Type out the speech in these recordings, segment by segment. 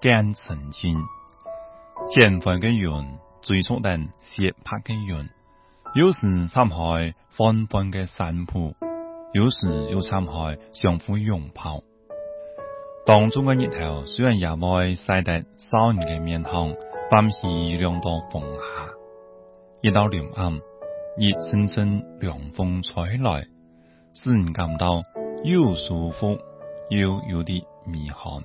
見曾經，前方嘅雲最初的斜拍的雲，有時參海緩緩嘅散步，有時又參海相互擁抱。當中嘅熱頭雖然也愛晒得少年嘅面孔，但係涼到風下。一到簾暗，熱生生涼風吹來，使人感到又舒服又有啲微寒。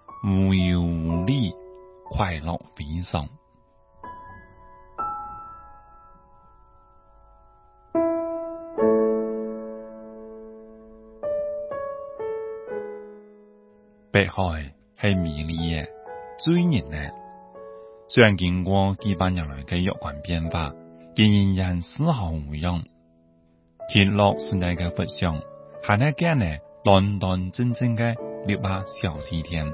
無憂無慮，快樂悲傷。北海是美麗嘅醉人嘅。雖然見過幾百年來嘅若干變化，仍然人絲毫無恙。乾隆時代嘅佛像，下頭間呢，端端正正嘅六把小西天